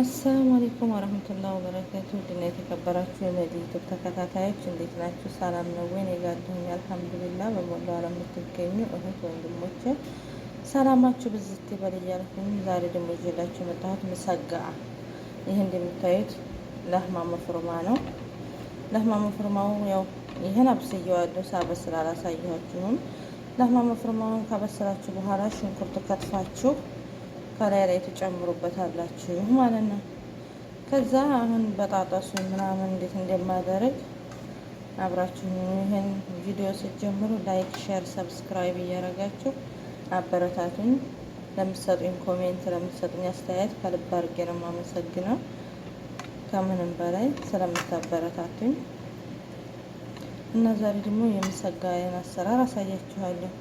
አሰላሙ አሌይኩም ወረህመቱላህ ወበረካቱ ድና የተከበራችሁ የመዲቱ ተከታታዮች እንዴት ናችሁ? ሰላም ነው ወይ? እኔ ጋር ደህና አልሐምዱሊላ። በሞላው ዓለም የምትገኙ እህት ወንድሞች ሰላማችሁ ብዝት ይበል እያልኩኝ ዛሬ ደግሞ ይዤላችሁ የመጣሁት ምሰጋ ይህ እንደምታዩት ለህማ መፍርማ ነው። ለህማ መፍርማው ያው ይህን አብስዬዋለሁ፣ ሳበስል አላሳየኋችሁም። ለህማ መፍርማውን ካበስላችሁ በኋላ ሽንኩርት ከትፋችሁ ከላይ ላይ ትጨምሩበታላችሁ ማለት ነው። ከዛ አሁን በጣጣሱ ምናምን እንዴት እንደማደርግ አብራችሁ ይህን ቪዲዮ ስትጀምሩ ላይክ፣ ሼር፣ ሰብስክራይብ እያደረጋችሁ አበረታቱኝ። ለምትሰጡኝ ኮሜንት፣ ለምትሰጡኝ አስተያየት ከልብ አድርጌ ነው የማመሰግነው። ከምንም በላይ ስለምታበረታቱኝ እና ዛሬ ደግሞ የምሰጋዬን አሰራር አሳያችኋለሁ።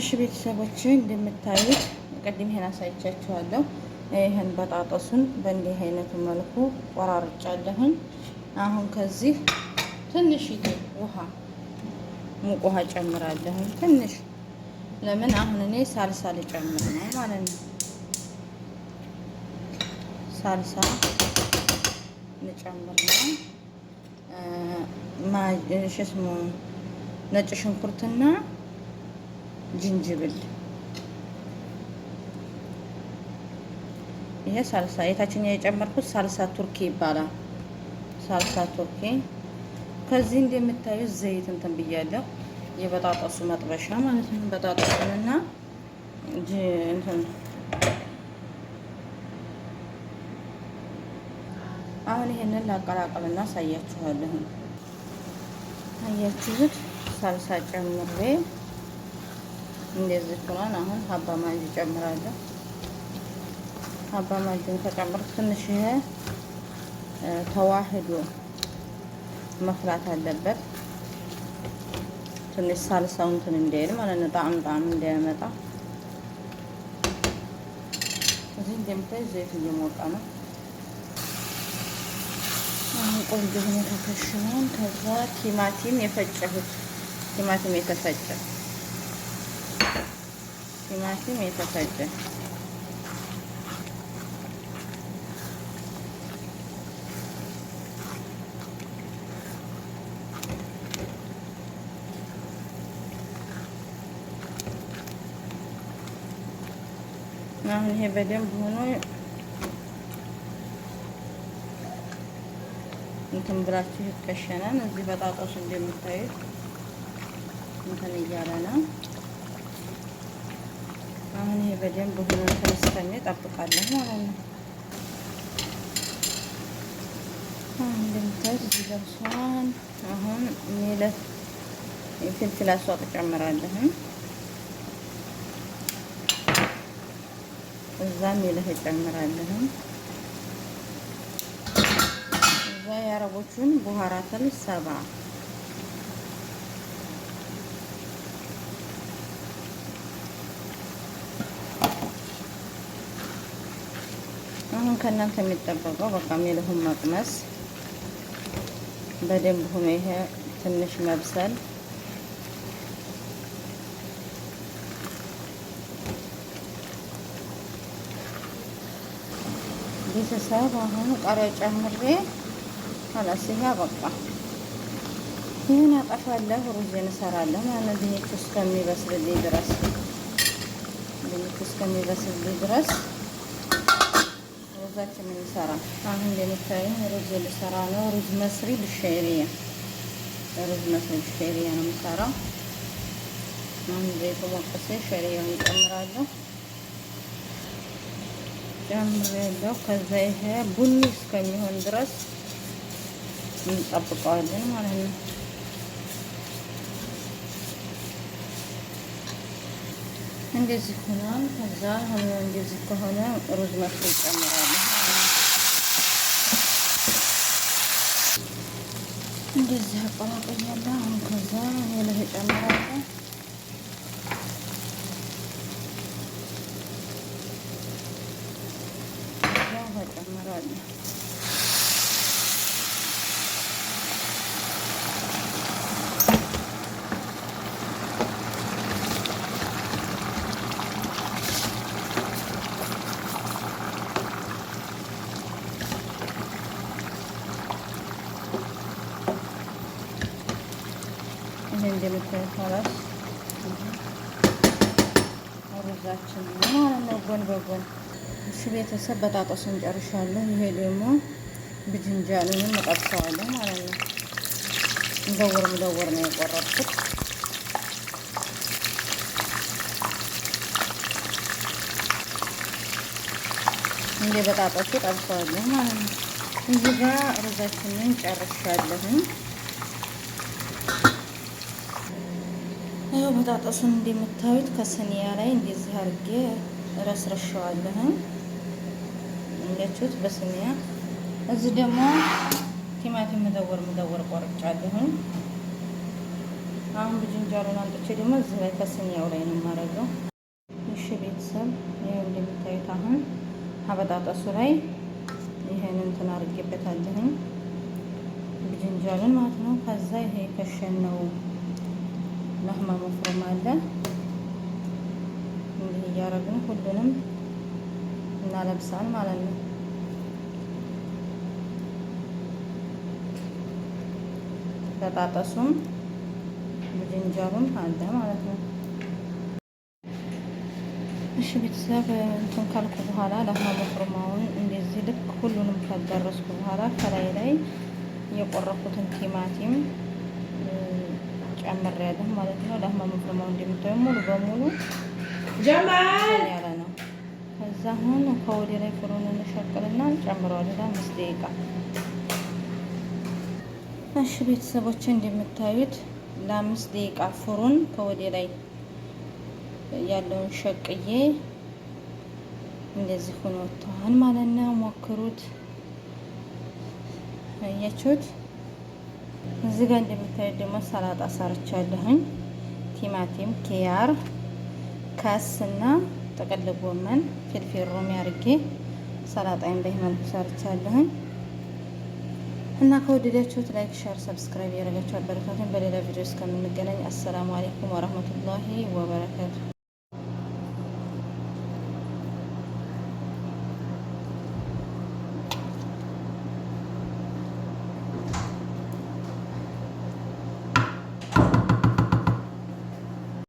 እሺ ቤተሰቦች እንደምታዩት ቅድም ይሄን አሳይቻችኋለሁ። ይህን በጣጠሱን በእንዲህ አይነቱ መልኩ ቆራርጫለሁኝ። አሁን ከዚህ ትንሽዬ ውሃ ሙቅ ውሃ ጨምራለሁኝ። ትንሽ ለምን አሁን እኔ ሳልሳ ልጨምር ነው ማለት ነው። ሳልሳ ልጨምር ነው። ሽስሙ ነጭ ሽንኩርትና ጅንጅብል ይሄ ሳልሳ የታችኛው የጨመርኩት ሳልሳ ቱርኪ ይባላል። ሳልሳ ቱርኪ። ከዚህ እንደምታዩት ዘይት እንትን ብያለሁ። የበጣጠሱ መጥበሻ ማለት ነው። በጣጠሱንና እንትን አሁን ይሄንን ላቀላቀልና አሳያችኋለሁ። አያችሁት? ሳልሳ ጨምሬ እንደዚህ ሆኗል። አሁን ሀባ ማንዝ ጨምራለሁ። ሀባ ማጅን ተጨምር ትንሽ ይሄ ተዋህዶ መፍላት አለበት። ትንሽ ሳልሳው እንትን እንዳይል ማለት ነው። ጣዕም ጣዕም እንዳያመጣ እዚህ እንደምታይ ዘይት እየሞቀ ነው። አሁን ቆንጆ ሁኔታ ከሽሆን ከዛ ቲማቲም የፈጨሁት ቲማቲም የተፈጨ ቲማቲም የተፈጨ አሁን ይሄ በደንብ ሆኖ እንትን ብላችሁ ይከሸናል። እዚህ በጣጦስ እንደምታዩት እንትን እያለ ነው። አሁን ይሄ በደንብ ሆኖ እንትን እስከሚል እጠብቃለሁ ማለት ነው። እንደምታዩት እዚህ ደርሷል። አሁን ሜለት የፍልፍል አስዋጥ ጨምራለሁ። እዛ የለህ ጨምራለሁ። እዛ የአረቦቹን ቡሃራተል ሰባ አሁን ከእናንተ የሚጠበቀው በቃ ሜልሁን መቅመስ በደንብ ሆኖ ይሄ ትንሽ መብሰል ቤተሰብ አሁን ቃሪያ ጨምሬ ሀላስ ያበቃ ይህን አጠፋለሁ። ሩዝን እሰራለሁ ማለት ድንቹ እስከሚበስልልኝ ድረስ ድንቹ እስከሚበስልልኝ ድረስ ሩዛችን እንሰራ። አሁን እንደሚታዩ ሩዝ ልሰራ ነው። ሩዝ መስሪ ብሻይሪያ ሩዝ መስሪ ብሻይሪያ ነው የምሰራው። አሁን ዘይቱ ሞቀሴ ሸሪያውን ይጨምራለሁ። ጨምሬለው ከዛ ይሄ ቡኒ እስከሚሆን ድረስ እንጠብቀዋለን ማለት ነው። እንደዚህ ሆኗል። ከዛ እንደዚህ ከሆነ ሩዝ መስሎ እንጨምራለን። እንደዚህ አቀላቀያለሁ። አሁን ከዛ የለህ ጨምራለሁ yani. እንደምታዩት ማለት አበዛችን ነው ማለት ነው ጎን በጎን እሺ ቤተሰብ በጣጣሱን ጨርሻለሁ። ይሄ ደግሞ ብጅንጃሉንም እጠብሰዋለሁ ማለት ነው። እንደወር ምደወር ነው የቆረጥኩት። እንደ በጣጠሱ እጠብሰዋለሁ ማለት ነው። እዚህ ጋ ሩዛችንን ጨርሻለሁኝ። እንደምታዩት ከስኒያ ላይ እንደዚህ አድርጌ ረስረሻዋለሁኝ። አያችሁት በስኒያ እዚህ ደግሞ ቲማቲም መደወር መደወር ቆርጫለሁኝ። አሁን ብጅንጀሩን አንጥቼ ደግሞ እዚህ ላይ ከስኒያው ላይ ነው የማደርገው። እሺ ቤተሰብ ይኸው እንደሚታዩት አሁን አበጣጠሱ ላይ ይሄን እንትን አድርጌበታለሁኝ ብጅንጀሩን ማለት ነው። ከዛ ይሄ የከሸነው ለህማ መፍረም አለ እንዲህ እያደረግን ሁሉንም እናለብሳል ማለት ነው። በጣጠሱም ብድንጃሉም አለ ማለት ነው። እሺ ቤተሰብ እንትን ካልኩ በኋላ ለሃ መፍርማውን እንደዚህ ልክ ሁሉንም ከደረስኩ በኋላ ከላይ ላይ የቆረኩትን ቲማቲም ጨምር ጨምሬያለሁ ማለት ነው። ለማ መፍርማው እንደምታዩ ሙሉ በሙሉ ጀማል ያለ ነው። ከዛ አሁን ከወደ ላይ ፍሩን እንሸቅልና ጨምረዋል ለአምስት ደቂቃ እሺ ቤተሰቦች እንደምታዩት ለአምስት ደቂቃ ፍሩን ከወደ ላይ ያለውን ሸቅዬ እንደዚህ ሆኖ ወጥተዋል ማለት ነው። ሞክሩት። አያችሁት? እዚህ ጋር እንደምታዩት ደግሞ ሰላጣ ሰርቻለሁኝ። ቲማቲም፣ ኪያር፣ ካስና ጥቅል ጎመን፣ ፍልፍል ሮሚ አድርጌ ሰላጣይን በህመልኩ ሰርቻለሁኝ። እና ከወደዳችሁት ላይክ፣ ሸር፣ ሰብስክራይብ ያደረጋችሁ አበረታቱን። በሌላ ቪዲዮ እስከምንገናኝ አሰላሙ አሌይኩም ወረህመቱላሂ ወበረካቱ።